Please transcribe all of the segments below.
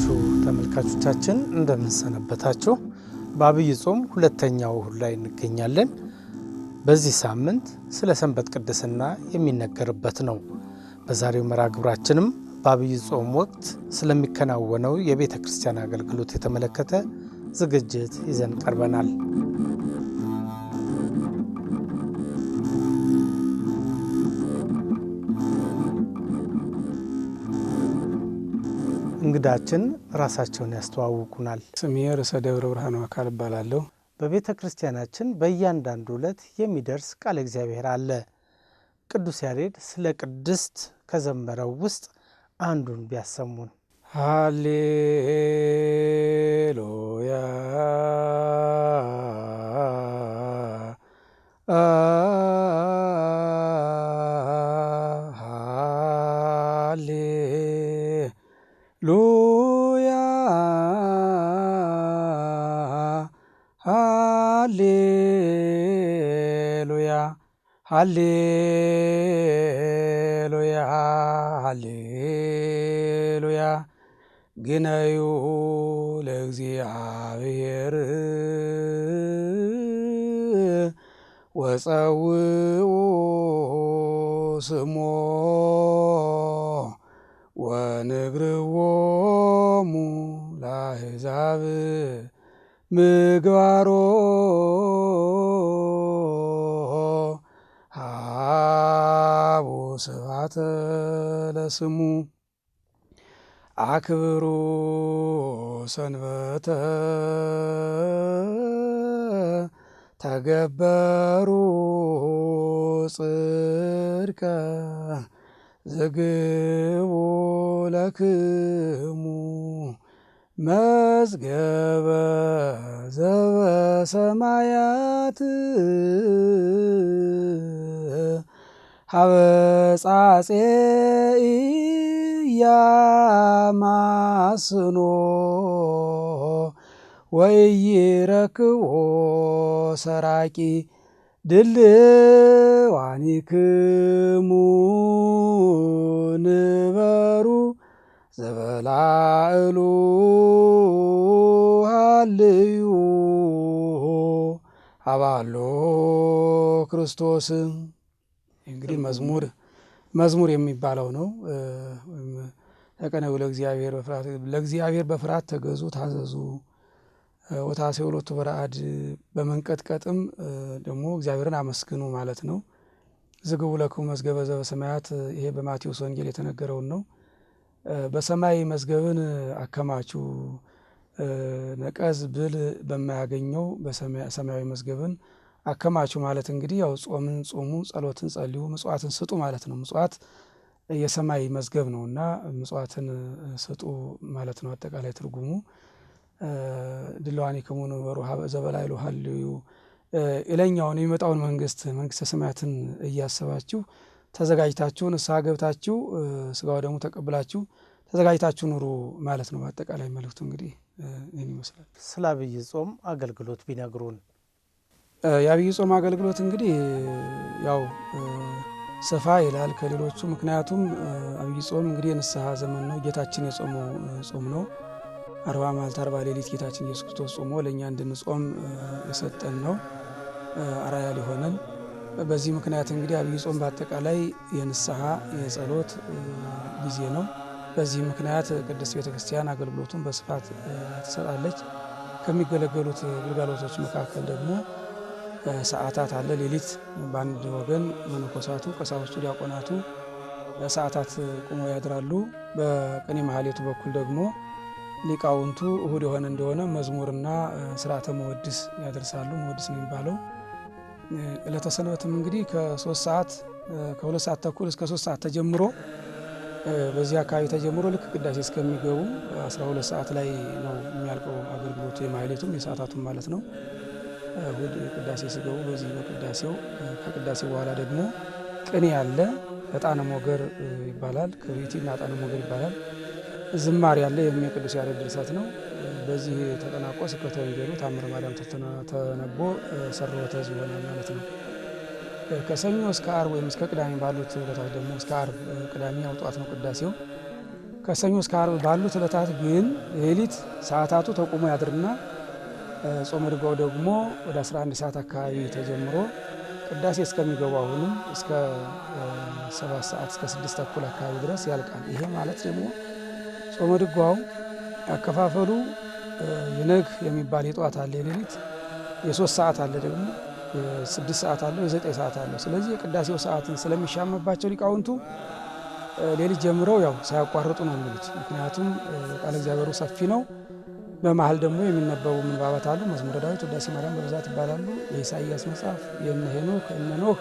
የተወደዳችሁ ተመልካቾቻችን እንደምንሰነበታችሁ። በአብይ ጾም ሁለተኛው እሁድ ላይ እንገኛለን። በዚህ ሳምንት ስለ ሰንበት ቅድስና የሚነገርበት ነው። በዛሬው መርሃ ግብራችንም በአብይ ጾም ወቅት ስለሚከናወነው የቤተ ክርስቲያን አገልግሎት የተመለከተ ዝግጅት ይዘን ቀርበናል። እንግዳችን ራሳቸውን ያስተዋውቁናል። ስሜ ርዕሰ ደብረ ብርሃን አካል እባላለሁ። በቤተ ክርስቲያናችን በእያንዳንዱ ዕለት የሚደርስ ቃለ እግዚአብሔር አለ። ቅዱስ ያሬድ ስለ ቅድስት ከዘመረው ውስጥ አንዱን ቢያሰሙን። ሃሌሉያ ሃሌሉያ ሃሌሉያ ግነዩ ለእግዚአብሔር ወፀውኡ ስሞ ወንግርዎሙ ለአሕዛብ ምግባሮ ስብሐተ ለስሙ አክብሩ ሰንበተ ተገበሩ ጽድቀ ዝግቡ ለክሙ መዝገበ ዘበሰማያት ሀበጻጼ ኢያማስኖ ወኢይረክቦ ሰራቂ ድልዋኒክሙ ንበሩ ዘበላእሉ ሃልዩ አባሎ ክርስቶስ እንግዲህ መዝሙር መዝሙር የሚባለው ነው። ተቀነዩ ለእግዚአብሔር በፍርሃት ለእግዚአብሔር በፍርሃት ተገዙ ታዘዙ ወታሴ ሁለቱ በረአድ በመንቀጥቀጥም ደግሞ እግዚአብሔርን አመስግኑ ማለት ነው። ዝግቡ ለክሙ መዝገበ ዘበሰማያት ይሄ በማቴዎስ ወንጌል የተነገረውን ነው። በሰማይ መዝገብን አከማቹ ነቀዝ ብል በማያገኘው በሰማያዊ መዝገብን አከማቹ ማለት እንግዲህ ያው ጾምን ጾሙ፣ ጸሎትን ጸልዩ፣ ምጽዋትን ስጡ ማለት ነው። ምጽዋት የሰማይ መዝገብ ነው እና ምጽዋትን ስጡ ማለት ነው አጠቃላይ ትርጉሙ። ድለዋን ከመሆኑ በሩሃ ዘበላይሉ ሀልዩ ኢለኛውን የሚመጣውን መንግስት መንግስተ ሰማያትን እያሰባችሁ ተዘጋጅታችሁ ንስሐ ገብታችሁ ስጋው ደግሞ ተቀብላችሁ ተዘጋጅታችሁ ኑሩ ማለት ነው። በአጠቃላይ መልእክቱ እንግዲህ ይህን ይመስላል። ስለ አብይ ጾም አገልግሎት ቢነግሩን የአብይ ጾም አገልግሎት እንግዲህ ያው ሰፋ ይላል ከሌሎቹ። ምክንያቱም አብይ ጾም እንግዲህ የንስሐ ዘመን ነው። ጌታችን የጾመው ጾም ነው። አርባ ማልት አርባ ሌሊት ጌታችን ኢየሱስ ክርስቶስ ጾሞ ለእኛ እንድንጾም የሰጠን ነው፣ አራያ ሊሆነን። በዚህ ምክንያት እንግዲህ አብይ ጾም በአጠቃላይ የንስሐ የጸሎት ጊዜ ነው። በዚህ ምክንያት ቅድስት ቤተክርስቲያን አገልግሎቱን በስፋት ትሰጣለች። ከሚገለገሉት ግልጋሎቶች መካከል ደግሞ ሰዓታት አለ። ሌሊት በአንድ ወገን መነኮሳቱ፣ ቀሳውስቱ፣ ዲያቆናቱ ሰዓታት ቁሞ ያድራሉ። በቅኔ ማህሌቱ በኩል ደግሞ ሊቃውንቱ እሁድ የሆነ እንደሆነ መዝሙርና ስርዓተ መወድስ ያደርሳሉ። መወድስ ነው የሚባለው። ዕለተ ሰንበትም እንግዲህ ከሶስት ሰዓት ከሁለት ሰዓት ተኩል እስከ ሶስት ሰዓት ተጀምሮ በዚህ አካባቢ ተጀምሮ ልክ ቅዳሴ እስከሚገቡ አስራ ሁለት ሰዓት ላይ ነው የሚያልቀው አገልግሎቱ የማህሌቱም የሰዓታቱም ማለት ነው። እሑድ ቅዳሴ ሥጋው በዚህ በቅዳሴው ከቅዳሴው በኋላ ደግሞ ቅኔ ያለ ዕጣነ ሞገር ይባላል። ክሪቲና ዕጣነ ሞገር ይባላል። ዝማሬ ያለ የእም ቅዱስ ያሬድ ድርሰት ነው። በዚህ ተጠናቆ ስብከተ ወንጌሉ ታምረ ማርያም ተነቦ ሰርወተ ሕዝብ ይሆናል ማለት ነው። ከሰኞ እስከ አርብ ወይም እስከ ቅዳሜ ባሉት ዕለታት ደግሞ እስከ አርብ ቅዳሜ ያው ነው ቅዳሴው። ከሰኞ እስከ አርብ ባሉት ዕለታት ግን ሌሊት ሰዓታቱ ተቆሞ ያድርና ጾም ድጓው ደግሞ ወደ 11 ሰዓት አካባቢ ተጀምሮ ቅዳሴ እስከሚገቡ አሁንም እስከ 7 ሰዓት እስከ 6 ተኩል አካባቢ ድረስ ያልቃል። ይሄ ማለት ደግሞ ጾመ ድጓው ያከፋፈሉ የነግ የሚባል የጠዋት አለ፣ የሌሊት የሶስት ሰዓት አለ፣ ደግሞ ስድስት ሰዓት አለው፣ የዘጠኝ ሰዓት አለ። ስለዚህ የቅዳሴው ሰዓትን ስለሚሻምባቸው ሊቃውንቱ ሌሊት ጀምረው ያው ሳያቋርጡ ነው የሚሉት። ምክንያቱም ቃለ እግዚአብሔሩ ሰፊ ነው። በመሀል ደግሞ የሚነበቡ ምንባባት አሉ። መዝሙረ ዳዊት፣ ውዳሴ ማርያም በብዛት ይባላሉ። የኢሳያስ መጽሐፍ፣ የእነ ሄኖክ፣ ኖህ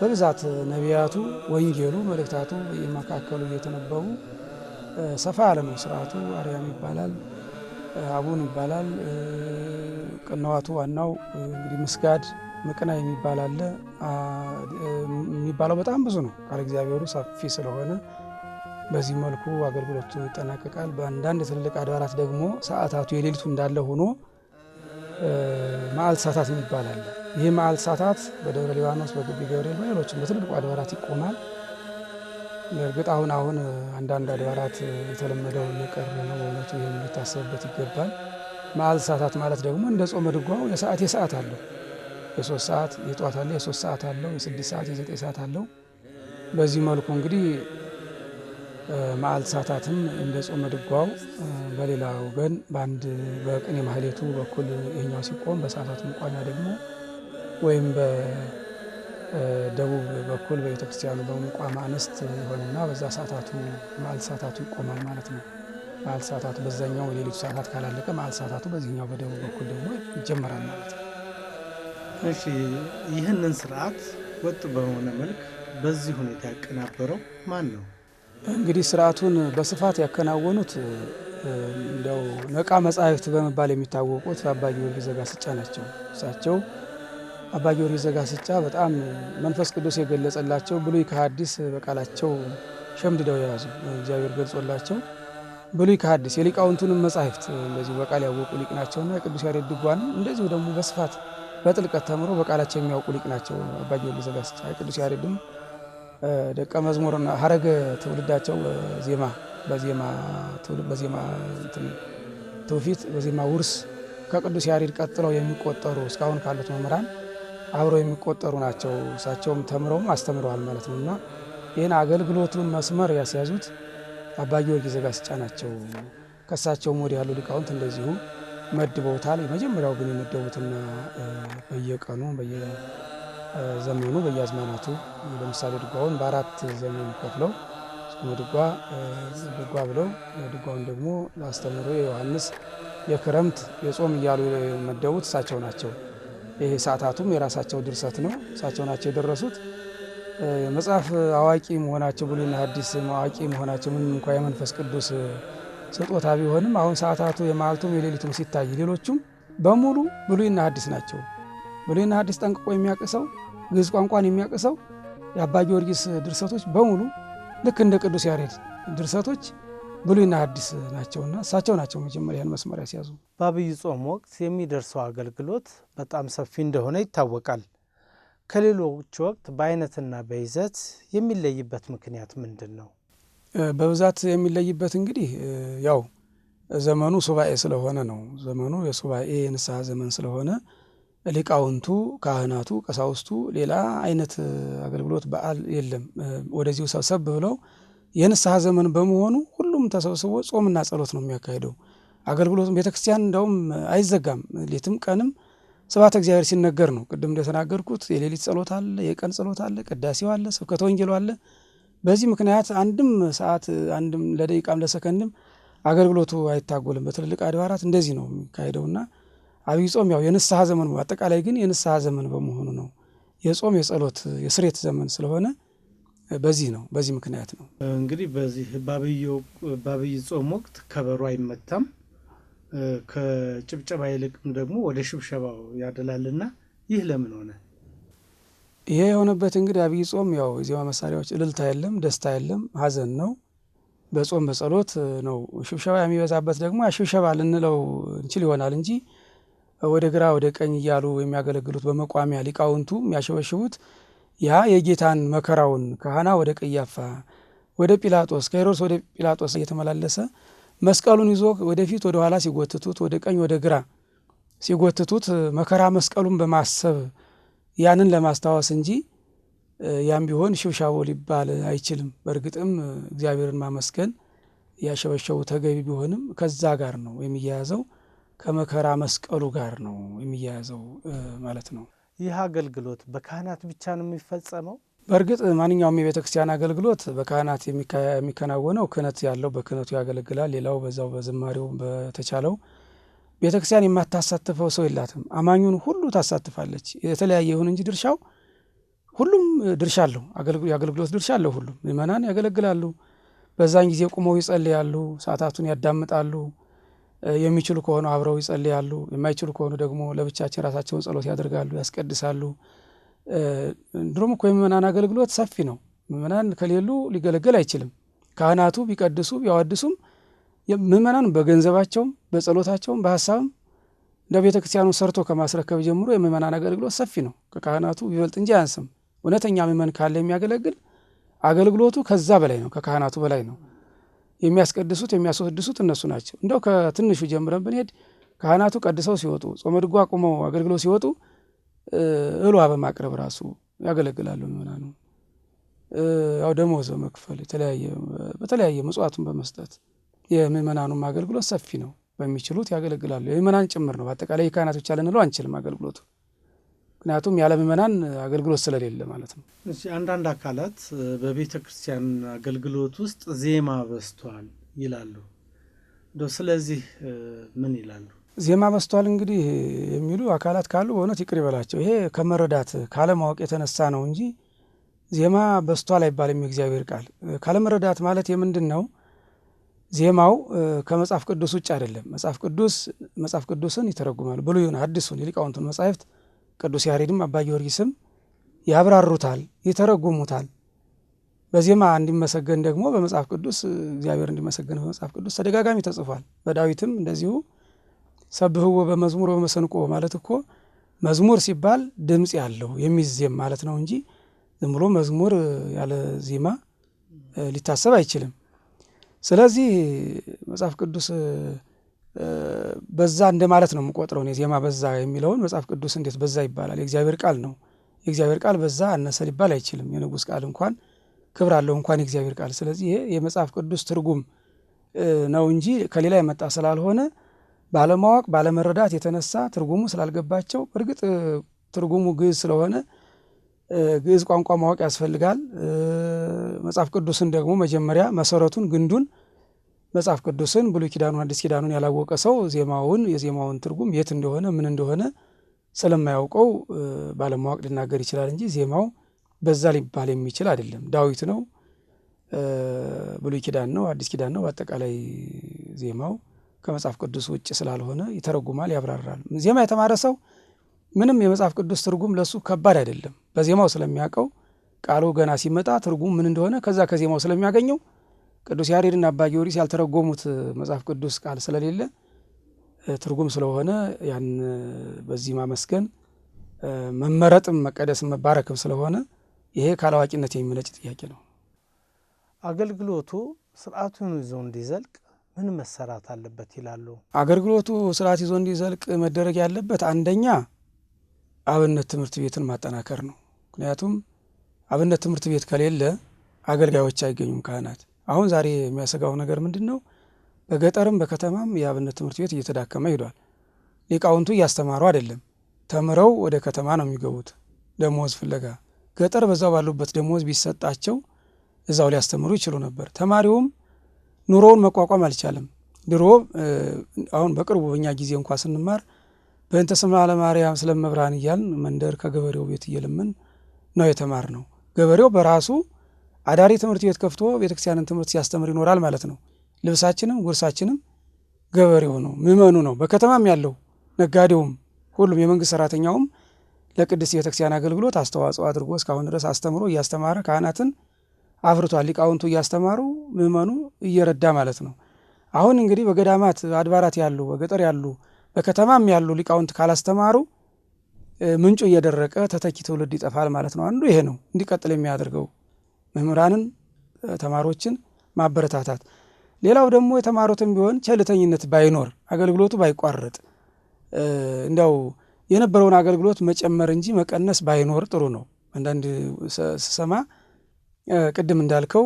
በብዛት ነቢያቱ፣ ወንጌሉ፣ መልእክታቱ የመካከሉ እየተነበቡ ሰፋ ያለ ነው ስርዓቱ። አርያም ይባላል፣ አቡን ይባላል። ቅነዋቱ ዋናው እንግዲህ ምስጋድ ምቅና የሚባል አለ የሚባለው በጣም ብዙ ነው። ቃል እግዚአብሔሩ ሰፊ ስለሆነ በዚህ መልኩ አገልግሎቱ ይጠናቀቃል። በአንዳንድ ትልቅ አድባራት ደግሞ ሰዓታቱ የሌሊቱ እንዳለ ሆኖ መዓል ሰዓታት ይባላል። ይህ መዓል ሰዓታት በደብረ ሊባኖስ፣ በግቢ ገብርኤል፣ በሌሎችም በትልቁ አድባራት ይቆማል። እርግጥ አሁን አሁን አንዳንድ አድባራት የተለመደው እየቀረ ነው። በእውነቱ ይህም ሊታሰብበት ይገባል። መዓል ሰዓታት ማለት ደግሞ እንደ ጾመ ድጓው የሰዓት የሰዓት አለው የሶስት ሰዓት የጠዋት አለው የሶስት ሰዓት አለው የስድስት ሰዓት የዘጠኝ ሰዓት አለው። በዚህ መልኩ እንግዲህ መዓል ሰዓታትም እንደ ጾመ ድጓው በሌላ ወገን በአንድ በቅኔ ማህሌቱ በኩል ይህኛው ሲቆም በሰዓታት መቋሚያ ደግሞ ወይም በደቡብ በኩል ክርስቲያኑ በምቋም አንስት ይሆንና በዛ ሰዓታቱ መዓል ሰዓታቱ ይቆማል ማለት ነው። መዓል ሰዓታቱ በዛኛው ሌሊቱ ሰዓታት ካላለቀ መዓል ሰዓታቱ በዚህኛው በደቡብ በኩል ደግሞ ይጀመራል ማለት ነው። እሺ ይህንን ስርዓት ወጥ በሆነ መልክ በዚህ ሁኔታ ያቀናበረው ማን ነው? እንግዲህ ስርዓቱን በስፋት ያከናወኑት እንደው ነቃ መጻሕፍት በመባል የሚታወቁት አባ ጊዮርጊስ ዘጋስጫ ናቸው። እሳቸው አባ ጊዮርጊስ ዘጋስጫ በጣም መንፈስ ቅዱስ የገለጸላቸው ብሉይ ከሐዲስ በቃላቸው ሸምድደው የያዙ እግዚአብሔር ገልጾላቸው ብሉይ ከሐዲስ የሊቃውንቱንም መጻሕፍት እንደዚሁ በቃል ያወቁ ሊቅ ናቸውና የቅዱስ ያሬድ ድጓንም እንደዚሁ ደግሞ በስፋት በጥልቀት ተምሮ በቃላቸው የሚያውቁ ሊቅ ናቸው አባ ጊዮርጊስ ዘጋስጫ የቅዱስ ያሬድም ደቀ መዝሙርና ሀረግ ትውልዳቸው ዜማ በዜማ ትውፊት በዜማ ውርስ ከቅዱስ ያሬድ ቀጥለው የሚቆጠሩ እስካሁን ካሉት መምህራን አብረው የሚቆጠሩ ናቸው። እሳቸውም ተምረውም አስተምረዋል ማለት ነው እና ይህን አገልግሎቱን መስመር ያስያዙት አባ ጊዮርጊስ ዘጋስጫ ናቸው። ከእሳቸውም ወዲህ ያሉ ሊቃውንት እንደዚሁ መድበውታል። የመጀመሪያው ግን የመደቡትና በየቀኑ ዘመኑ በየአዝማናቱ ለምሳሌ ድጓውን በአራት ዘመን ከፍለው እስኩመ ድጓ ድጓ ብለው ድጓውን ደግሞ ለአስተምህሮ የዮሐንስ፣ የክረምት፣ የጾም እያሉ የመደቡት እሳቸው ናቸው። ይሄ ሰዓታቱም የራሳቸው ድርሰት ነው። እሳቸው ናቸው የደረሱት። መጽሐፍ አዋቂ መሆናቸው ብሉይና ሐዲስ አዋቂ መሆናቸው ምንም እንኳ የመንፈስ ቅዱስ ስጦታ ቢሆንም አሁን ሰዓታቱ የመዓልቱም የሌሊቱም ሲታይ ሌሎቹም በሙሉ ብሉይና ሐዲስ ናቸው። ብሉይና ሐዲስ ጠንቅቆ የሚያቅሰው ግዝ ቋንቋን የሚያቅሰው የአባ ጊዮርጊስ ድርሰቶች በሙሉ ልክ እንደ ቅዱስ ያሬድ ድርሰቶች ብሉይና ሐዲስ ናቸውና እሳቸው ናቸው መጀመሪያን መስመሪያ ሲያዙ። በአብይ ጾም ወቅት የሚደርሰው አገልግሎት በጣም ሰፊ እንደሆነ ይታወቃል። ከሌሎች ወቅት በአይነትና በይዘት የሚለይበት ምክንያት ምንድን ነው? በብዛት የሚለይበት እንግዲህ ያው ዘመኑ ሱባኤ ስለሆነ ነው። ዘመኑ የሱባኤ የንስሐ ዘመን ስለሆነ ሊቃውንቱ ካህናቱ ቀሳውስቱ ሌላ አይነት አገልግሎት በዓል የለም። ወደዚሁ ሰብሰብ ብለው የንስሐ ዘመን በመሆኑ ሁሉም ተሰብስቦ ጾምና ጸሎት ነው የሚያካሂደው። አገልግሎቱም ቤተክርስቲያን እንደውም አይዘጋም፣ ሌትም ቀንም ስብሐተ እግዚአብሔር ሲነገር ነው። ቅድም እንደተናገርኩት የሌሊት ጸሎት አለ፣ የቀን ጸሎት አለ፣ ቅዳሴው አለ፣ ስብከተ ወንጌሉ አለ። በዚህ ምክንያት አንድም ሰዓት አንድም ለደቂቃም ለሰከንድም አገልግሎቱ አይታጎልም። በትልልቅ አድባራት እንደዚህ ነው የሚካሄደውና አብይ ጾም ያው የንስሐ ዘመን በአጠቃላይ ግን የንስሐ ዘመን በመሆኑ ነው። የጾም የጸሎት የስሬት ዘመን ስለሆነ በዚህ ነው በዚህ ምክንያት ነው እንግዲህ በዚህ በአብይ ጾም ወቅት ከበሮ አይመታም። ከጭብጨባ ይልቅም ደግሞ ወደ ሽብሸባው ያደላልና ይህ ለምን ሆነ? ይሄ የሆነበት እንግዲህ አብይ ጾም ያው የዜማ መሳሪያዎች እልልታ የለም፣ ደስታ የለም፣ ሀዘን ነው። በጾም በጸሎት ነው። ሽብሸባ የሚበዛበት ደግሞ ሽብሸባ ልንለው እንችል ይሆናል እንጂ ወደ ግራ ወደ ቀኝ እያሉ የሚያገለግሉት በመቋሚያ ሊቃውንቱ የሚያሸበሽቡት ያ የጌታን መከራውን ከሐና ወደ ቀያፋ ወደ ጲላጦስ ከሄሮድስ ወደ ጲላጦስ እየተመላለሰ መስቀሉን ይዞ ወደፊት ወደ ኋላ ሲጎትቱት ወደ ቀኝ ወደ ግራ ሲጎትቱት መከራ መስቀሉን በማሰብ ያንን ለማስታወስ እንጂ ያም ቢሆን ሽብሻቦ ሊባል አይችልም። በእርግጥም እግዚአብሔርን ማመስገን ያሸበሸቡ ተገቢ ቢሆንም ከዛ ጋር ነው የሚያያዘው። ከመከራ መስቀሉ ጋር ነው የሚያያዘው ማለት ነው። ይህ አገልግሎት በካህናት ብቻ ነው የሚፈጸመው? በእርግጥ ማንኛውም የቤተ ክርስቲያን አገልግሎት በካህናት የሚከናወነው ክህነት ያለው በክህነቱ ያገለግላል። ሌላው በዛው በዝማሬው በተቻለው ቤተ ክርስቲያን የማታሳትፈው ሰው የላትም። አማኙን ሁሉ ታሳትፋለች። የተለያየ ይሁን እንጂ ድርሻው ሁሉም ድርሻ አለው። የአገልግሎት ድርሻ አለው። ሁሉም ምእመናን ያገለግላሉ። በዛን ጊዜ ቁመው ይጸልያሉ፣ ሰዓታቱን ያዳምጣሉ። የሚችሉ ከሆኑ አብረው ይጸልያሉ፣ የማይችሉ ከሆኑ ደግሞ ለብቻችን ራሳቸውን ጸሎት ያደርጋሉ፣ ያስቀድሳሉ። ድሮም እኮ የምእመናን አገልግሎት ሰፊ ነው። ምእመናን ከሌሉ ሊገለገል አይችልም። ካህናቱ ቢቀድሱ ቢያዋድሱም ምእመናን በገንዘባቸውም በጸሎታቸውም በሀሳብም እንደ ቤተ ክርስቲያኑ ሰርቶ ከማስረከብ ጀምሮ የምእመናን አገልግሎት ሰፊ ነው። ከካህናቱ ቢበልጥ እንጂ አያንስም። እውነተኛ ምእመን ካለ የሚያገለግል አገልግሎቱ ከዛ በላይ ነው፣ ከካህናቱ በላይ ነው። የሚያስቀድሱት የሚያስወድሱት እነሱ ናቸው። እንደው ከትንሹ ጀምረን ብንሄድ ካህናቱ ቀድሰው ሲወጡ፣ ጾመ ድጓ ቁመው አገልግለው ሲወጡ እሏ በማቅረብ ራሱ ያገለግላሉ ምናኑ ያው ደሞዝ በመክፈል የተለያየ በተለያየ መጽዋቱን በመስጠት የምእመናኑም አገልግሎት ሰፊ ነው። በሚችሉት ያገለግላሉ። የምእመናን ጭምር ነው። በአጠቃላይ የካህናት ብቻ ልንለው አንችልም አገልግሎቱ ምክንያቱም ያለ ምእመናን አገልግሎት ስለሌለ ማለት ነው። አንዳንድ አካላት በቤተ ክርስቲያን አገልግሎት ውስጥ ዜማ በስቷል ይላሉ። ስለዚህ ምን ይላሉ? ዜማ በዝቷል እንግዲህ የሚሉ አካላት ካሉ በእውነት ይቅር ይበላቸው። ይሄ ከመረዳት ካለማወቅ የተነሳ ነው እንጂ ዜማ በስቷል አይባልም። የእግዚአብሔር ቃል ካለመረዳት ማለት የምንድን ነው? ዜማው ከመጽሐፍ ቅዱስ ውጭ አይደለም። መጽሐፍ ቅዱስ መጽሐፍ ቅዱስን ይተረጉማል። ብሉዩን፣ አዲሱን የሊቃውንቱን መጻሕፍት ቅዱስ ያሬድም አባ ጊዮርጊስም ያብራሩታል፣ ይተረጉሙታል። በዜማ እንዲመሰገን ደግሞ በመጽሐፍ ቅዱስ እግዚአብሔር እንዲመሰገን በመጽሐፍ ቅዱስ ተደጋጋሚ ተጽፏል። በዳዊትም እንደዚሁ ሰብህዎ በመዝሙር በመሰንቆ ማለት እኮ መዝሙር ሲባል ድምፅ ያለው የሚዜም ማለት ነው እንጂ ዝም ብሎ መዝሙር ያለ ዜማ ሊታሰብ አይችልም። ስለዚህ መጽሐፍ ቅዱስ በዛ እንደማለት ነው የምቆጥረው እኔ ዜማ በዛ የሚለውን መጽሐፍ ቅዱስ እንዴት በዛ ይባላል? የእግዚአብሔር ቃል ነው። የእግዚአብሔር ቃል በዛ አነሰ ሊባል አይችልም። የንጉሥ ቃል እንኳን ክብር አለው እንኳን የእግዚአብሔር ቃል። ስለዚህ ይሄ የመጽሐፍ ቅዱስ ትርጉም ነው እንጂ ከሌላ የመጣ ስላልሆነ ባለማወቅ ባለመረዳት የተነሳ ትርጉሙ ስላልገባቸው፣ እርግጥ ትርጉሙ ግዕዝ ስለሆነ ግዕዝ ቋንቋ ማወቅ ያስፈልጋል። መጽሐፍ ቅዱስን ደግሞ መጀመሪያ መሰረቱን ግንዱን መጽሐፍ ቅዱስን ብሉይ ኪዳኑን አዲስ ኪዳኑን ያላወቀ ሰው ዜማውን የዜማውን ትርጉም የት እንደሆነ ምን እንደሆነ ስለማያውቀው ባለማወቅ ሊናገር ይችላል እንጂ ዜማው በዛ ሊባል የሚችል አይደለም። ዳዊት ነው፣ ብሉይ ኪዳን ነው፣ አዲስ ኪዳን ነው። በአጠቃላይ ዜማው ከመጽሐፍ ቅዱስ ውጭ ስላልሆነ ይተረጉማል፣ ያብራራል። ዜማ የተማረ ሰው ምንም የመጽሐፍ ቅዱስ ትርጉም ለሱ ከባድ አይደለም። በዜማው ስለሚያውቀው ቃሉ ገና ሲመጣ ትርጉም ምን እንደሆነ ከዛ ከዜማው ስለሚያገኘው ቅዱስ ያሬድና አባ ጊዮርጊስ ያልተረጎሙት መጽሐፍ ቅዱስ ቃል ስለሌለ ትርጉም ስለሆነ ያን በዚህ ማመስገን መመረጥም መቀደስም መባረክም ስለሆነ ይሄ ካላዋቂነት የሚመነጭ ጥያቄ ነው። አገልግሎቱ ስርዓቱን ይዞ እንዲዘልቅ ምን መሰራት አለበት ይላሉ። አገልግሎቱ ስርዓት ይዞ እንዲዘልቅ መደረግ ያለበት አንደኛ አብነት ትምህርት ቤትን ማጠናከር ነው። ምክንያቱም አብነት ትምህርት ቤት ከሌለ አገልጋዮች አይገኙም ካህናት አሁን ዛሬ የሚያሰጋው ነገር ምንድን ነው? በገጠርም በከተማም የአብነት ትምህርት ቤት እየተዳከመ ሂዷል። ሊቃውንቱ እያስተማሩ አይደለም። ተምረው ወደ ከተማ ነው የሚገቡት ደሞዝ ፍለጋ። ገጠር በዛው ባሉበት ደሞዝ ቢሰጣቸው እዛው ሊያስተምሩ ይችሉ ነበር። ተማሪውም ኑሮውን መቋቋም አልቻለም። ድሮ አሁን በቅርቡ በኛ ጊዜ እንኳ ስንማር በእንተ ስማ ለማርያም ስለመብርሃን እያልን መንደር ከገበሬው ቤት እየለምን ነው የተማር ነው። ገበሬው በራሱ አዳሪ ትምህርት ቤት ከፍቶ ቤተክርስቲያንን ትምህርት ሲያስተምር ይኖራል ማለት ነው። ልብሳችንም ጉርሳችንም ገበሬው ነው፣ ምዕመኑ ነው። በከተማም ያለው ነጋዴውም፣ ሁሉም የመንግስት ሰራተኛውም ለቅድስት ቤተክርስቲያን አገልግሎት አስተዋጽኦ አድርጎ እስካሁን ድረስ አስተምሮ እያስተማረ ካህናትን አፍርቷል። ሊቃውንቱ እያስተማሩ ምዕመኑ እየረዳ ማለት ነው። አሁን እንግዲህ በገዳማት አድባራት ያሉ በገጠር ያሉ በከተማም ያሉ ሊቃውንት ካላስተማሩ ምንጩ እየደረቀ ተተኪ ትውልድ ይጠፋል ማለት ነው። አንዱ ይሄ ነው እንዲቀጥል የሚያደርገው። መምህራንን፣ ተማሪዎችን ማበረታታት። ሌላው ደግሞ የተማሩትም ቢሆን ቸልተኝነት ባይኖር አገልግሎቱ ባይቋረጥ እንዲያው የነበረውን አገልግሎት መጨመር እንጂ መቀነስ ባይኖር ጥሩ ነው። አንዳንድ ስሰማ ቅድም እንዳልከው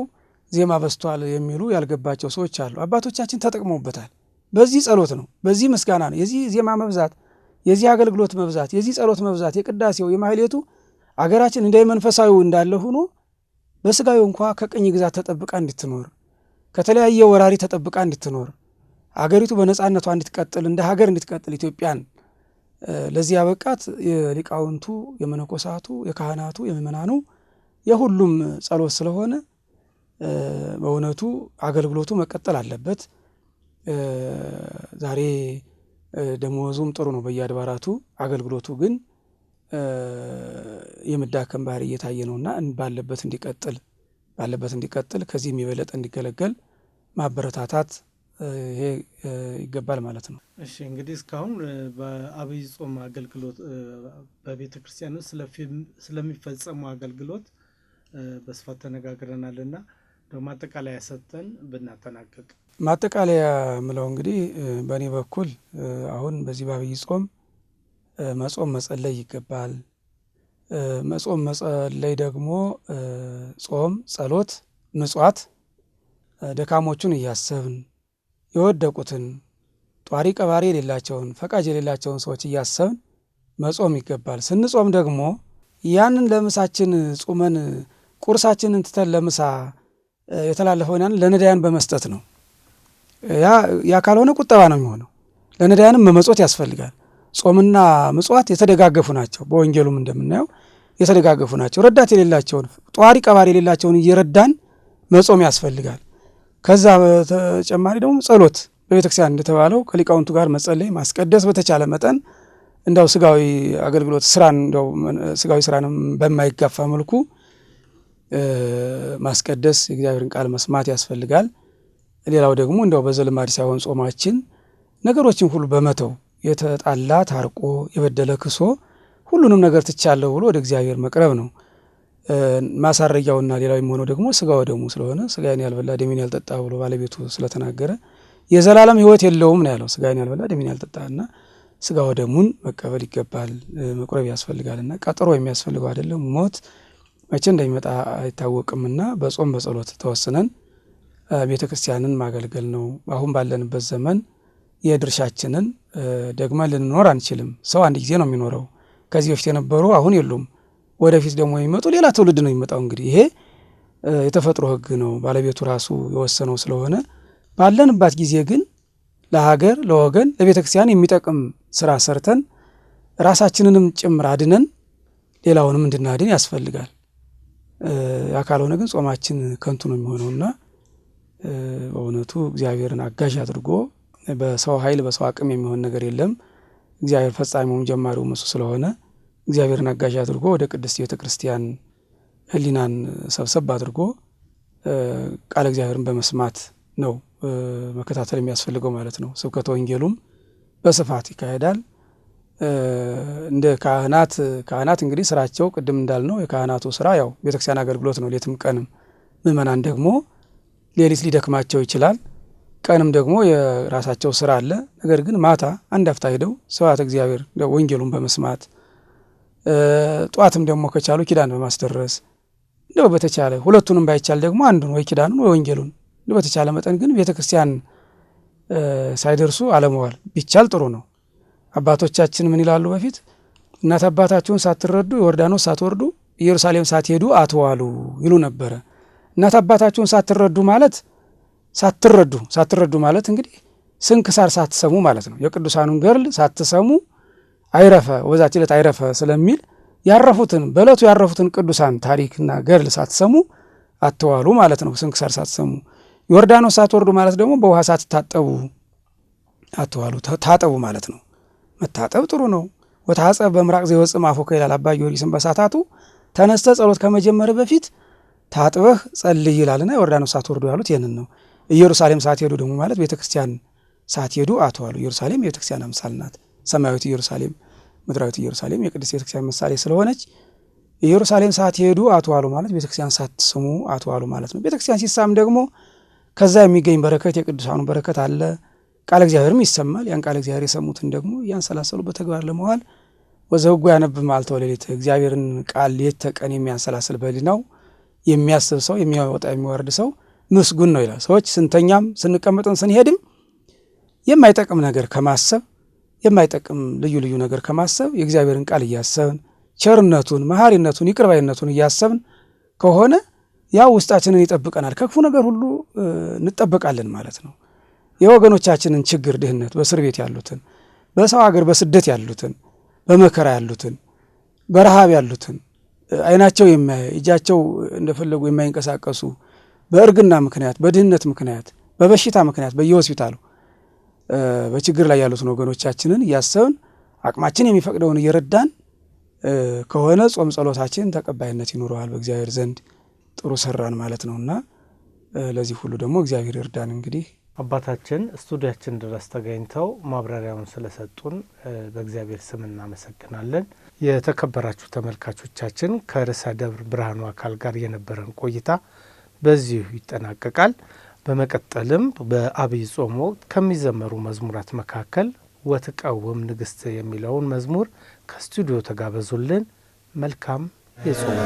ዜማ በስቷል የሚሉ ያልገባቸው ሰዎች አሉ። አባቶቻችን ተጠቅመውበታል። በዚህ ጸሎት ነው፣ በዚህ ምስጋና ነው። የዚህ ዜማ መብዛት፣ የዚህ አገልግሎት መብዛት፣ የዚህ ጸሎት መብዛት፣ የቅዳሴው የማህሌቱ አገራችን እንደ መንፈሳዊው እንዳለ ሆኖ በስጋዩ እንኳ ከቅኝ ግዛት ተጠብቃ እንድትኖር ከተለያየ ወራሪ ተጠብቃ እንድትኖር አገሪቱ በነጻነቷ እንድትቀጥል እንደ ሀገር እንድትቀጥል ኢትዮጵያን ለዚህ ያበቃት የሊቃውንቱ፣ የመነኮሳቱ፣ የካህናቱ፣ የምእመናኑ የሁሉም ጸሎት ስለሆነ በእውነቱ አገልግሎቱ መቀጠል አለበት። ዛሬ ደሞዙም ጥሩ ነው በየአድባራቱ አገልግሎቱ ግን የመዳከም ባህሪ እየታየ ነውና ባለበት እንዲቀጥል ባለበት እንዲቀጥል ከዚህም የበለጠ እንዲገለገል ማበረታታት ይሄ ይገባል ማለት ነው። እሺ እንግዲህ እስካሁን በአብይ ጾም አገልግሎት በቤተ ክርስቲያን ውስጥ ስለሚፈጸሙ አገልግሎት በስፋት ተነጋግረናል እና ማጠቃለያ ያሰጠን ብናጠናቀቅ ማጠቃለያ ምለው እንግዲህ በእኔ በኩል አሁን በዚህ በአብይ ጾም መጾም መጸለይ ይገባል። መጾም መጸለይ ደግሞ ጾም፣ ጸሎት፣ ምጽዋት ደካሞቹን እያሰብን የወደቁትን ጧሪ ቀባሪ የሌላቸውን ፈቃጅ የሌላቸውን ሰዎች እያሰብን መጾም ይገባል። ስንጾም ደግሞ ያንን ለምሳችን ጾመን ቁርሳችንን ትተን ለምሳ የተላለፈውን ያን ለነዳያን በመስጠት ነው። ያ ካልሆነ ቁጠባ ነው የሚሆነው። ለነዳያንም መመጾት ያስፈልጋል። ጾምና ምጽዋት የተደጋገፉ ናቸው። በወንጌሉም እንደምናየው የተደጋገፉ ናቸው። ረዳት የሌላቸውን ጠዋሪ ቀባሪ የሌላቸውን እየረዳን መጾም ያስፈልጋል። ከዛ በተጨማሪ ደግሞ ጸሎት በቤተክርስቲያን እንደተባለው ከሊቃውንቱ ጋር መጸለይ፣ ማስቀደስ በተቻለ መጠን እንዳው ስጋዊ አገልግሎት ስራን እንደው ስጋዊ ስራንም በማይጋፋ መልኩ ማስቀደስ፣ የእግዚአብሔርን ቃል መስማት ያስፈልጋል። ሌላው ደግሞ እንደው በዘልማድ ሳይሆን ጾማችን ነገሮችን ሁሉ በመተው የተጣላ ታርቆ የበደለ ክሶ ሁሉንም ነገር ትቻለሁ ብሎ ወደ እግዚአብሔር መቅረብ ነው። ማሳረጊያውና ሌላው የሚሆነው ደግሞ ስጋ ወደሙ ስለሆነ ስጋን ያልበላ ደሜን ያልጠጣ ብሎ ባለቤቱ ስለተናገረ የዘላለም ሕይወት የለውም ነው ያለው። ስጋን ያልበላ ደሜን ያልጠጣ እና ስጋ ወደሙን መቀበል ይገባል፣ መቁረብ ያስፈልጋል እና ቀጠሮ የሚያስፈልገው አይደለም። ሞት መቼ እንደሚመጣ አይታወቅምና በጾም በጸሎት ተወስነን ቤተ ክርስቲያንን ማገልገል ነው አሁን ባለንበት ዘመን የድርሻችንን ደግመ ልንኖር አንችልም። ሰው አንድ ጊዜ ነው የሚኖረው። ከዚህ በፊት የነበሩ አሁን የሉም። ወደፊት ደግሞ የሚመጡ ሌላ ትውልድ ነው የሚመጣው። እንግዲህ ይሄ የተፈጥሮ ሕግ ነው ባለቤቱ ራሱ የወሰነው ስለሆነ ባለንባት ጊዜ ግን ለሀገር፣ ለወገን፣ ለቤተ ክርስቲያን የሚጠቅም ስራ ሰርተን ራሳችንንም ጭምር አድነን ሌላውንም እንድናድን ያስፈልጋል። ያ ካልሆነ ግን ጾማችን ከንቱ ነው የሚሆነውና በእውነቱ እግዚአብሔርን አጋዥ አድርጎ በሰው ኃይል በሰው አቅም የሚሆን ነገር የለም። እግዚአብሔር ፈጻሚውም ጀማሪውም እሱ ስለሆነ እግዚአብሔርን አጋዥ አድርጎ ወደ ቅድስት ቤተ ክርስቲያን ሕሊናን ሰብሰብ አድርጎ ቃለ እግዚአብሔርን በመስማት ነው መከታተል የሚያስፈልገው ማለት ነው። ስብከተ ወንጌሉም በስፋት ይካሄዳል። እንደ ካህናት ካህናት እንግዲህ ስራቸው ቅድም እንዳልነው የካህናቱ ስራ ያው ቤተክርስቲያን አገልግሎት ነው፣ ሌትም ቀንም። ምእመናን ደግሞ ሌሊት ሊደክማቸው ይችላል። ቀንም ደግሞ የራሳቸው ስራ አለ። ነገር ግን ማታ አንድ አፍታ ሄደው ስብሐተ እግዚአብሔር ወንጌሉን በመስማት ጠዋትም ደግሞ ከቻሉ ኪዳን በማስደረስ እንደው በተቻለ ሁለቱንም ባይቻል ደግሞ አንዱን ወይ ኪዳኑን ወይ ወንጌሉን እንደው በተቻለ መጠን ግን ቤተ ክርስቲያን ሳይደርሱ አለመዋል ቢቻል ጥሩ ነው። አባቶቻችን ምን ይላሉ? በፊት እናት አባታችሁን ሳትረዱ ዮርዳኖስ ሳትወርዱ ኢየሩሳሌም ሳትሄዱ አትዋሉ ይሉ ነበረ። እናት አባታችሁን ሳትረዱ ማለት ሳትረዱ ሳትረዱ ማለት እንግዲህ ስንክሳር ሳትሰሙ ማለት ነው። የቅዱሳኑን ገድል ሳትሰሙ አይረፈ ወዛች ዕለት አይረፈ ስለሚል ያረፉትን በዕለቱ ያረፉትን ቅዱሳን ታሪክና ገድል ሳትሰሙ አትዋሉ ማለት ነው። ስንክሳር ሳትሰሙ ዮርዳኖስ ሳትወርዱ ማለት ደግሞ በውሃ ሳትታጠቡ አትዋሉ፣ ታጠቡ ማለት ነው። መታጠብ ጥሩ ነው። ወታጸብ በምራቅ ዘይወፅእ እምአፉከ ይላል አባ ጊዮርጊስ በሰዓታቱ ተነስተ ጸሎት ከመጀመር በፊት ታጥበህ ጸልይ ይላልና ዮርዳኖስ ሳትወርዱ ያሉት ይህንን ነው። ኢየሩሳሌም ሳትሄዱ ደግሞ ማለት ቤተ ክርስቲያን ሳትሄዱ አትዋሉ። ኢየሩሳሌም የቤተ ክርስቲያን አምሳል ናት። ሰማያዊት ኢየሩሳሌም፣ ምድራዊት ኢየሩሳሌም የቅድስት ቤተ ክርስቲያን ምሳሌ ስለሆነች ኢየሩሳሌም ሳትሄዱ አትዋሉ ማለት ቤተ ክርስቲያን ሳትስሙ አትዋሉ ማለት ነው። ቤተ ክርስቲያን ሲሳም ደግሞ ከዛ የሚገኝ በረከት የቅዱሳኑ በረከት አለ። ቃለ እግዚአብሔርም ይሰማል። ያን ቃለ እግዚአብሔር የሰሙትን ደግሞ እያንሰላሰሉ በተግባር ለመዋል ወዘህጉ ያነብ መዓልተ ወሌሊት እግዚአብሔርን ቃል የተቀን የሚያንሰላስል ነው የሚያስብ ሰው የሚያወጣ የሚወርድ ሰው ምስጉን ነው ይላል። ሰዎች ስንተኛም ስንቀመጥም ስንሄድም የማይጠቅም ነገር ከማሰብ የማይጠቅም ልዩ ልዩ ነገር ከማሰብ የእግዚአብሔርን ቃል እያሰብን ቸርነቱን፣ መሐሪነቱን፣ ይቅርባይነቱን እያሰብን ከሆነ ያው ውስጣችንን ይጠብቀናል፣ ከክፉ ነገር ሁሉ እንጠበቃለን ማለት ነው። የወገኖቻችንን ችግር፣ ድህነት፣ በእስር ቤት ያሉትን፣ በሰው ሀገር በስደት ያሉትን፣ በመከራ ያሉትን፣ በረሃብ ያሉትን፣ አይናቸው የማያይ እጃቸው እንደፈለጉ የማይንቀሳቀሱ በእርግና ምክንያት፣ በድህነት ምክንያት፣ በበሽታ ምክንያት በየሆስፒታሉ በችግር ላይ ያሉትን ወገኖቻችንን እያሰብን አቅማችን የሚፈቅደውን እየረዳን ከሆነ ጾም ጸሎታችን ተቀባይነት ይኖረዋል በእግዚአብሔር ዘንድ ጥሩ ሰራን ማለት ነውና ለዚህ ሁሉ ደግሞ እግዚአብሔር ይርዳን። እንግዲህ አባታችን ስቱዲያችን ድረስ ተገኝተው ማብራሪያውን ስለሰጡን በእግዚአብሔር ስም እናመሰግናለን። የተከበራችሁ ተመልካቾቻችን ከርዕሰ ደብር ብርሃኑ አካል ጋር የነበረን ቆይታ በዚሁ ይጠናቀቃል። በመቀጠልም በአብይ ጾም ወቅት ከሚዘመሩ መዝሙራት መካከል ወትቀውም ንግሥት የሚለውን መዝሙር ከስቱዲዮ ተጋበዙልን። መልካም የጾም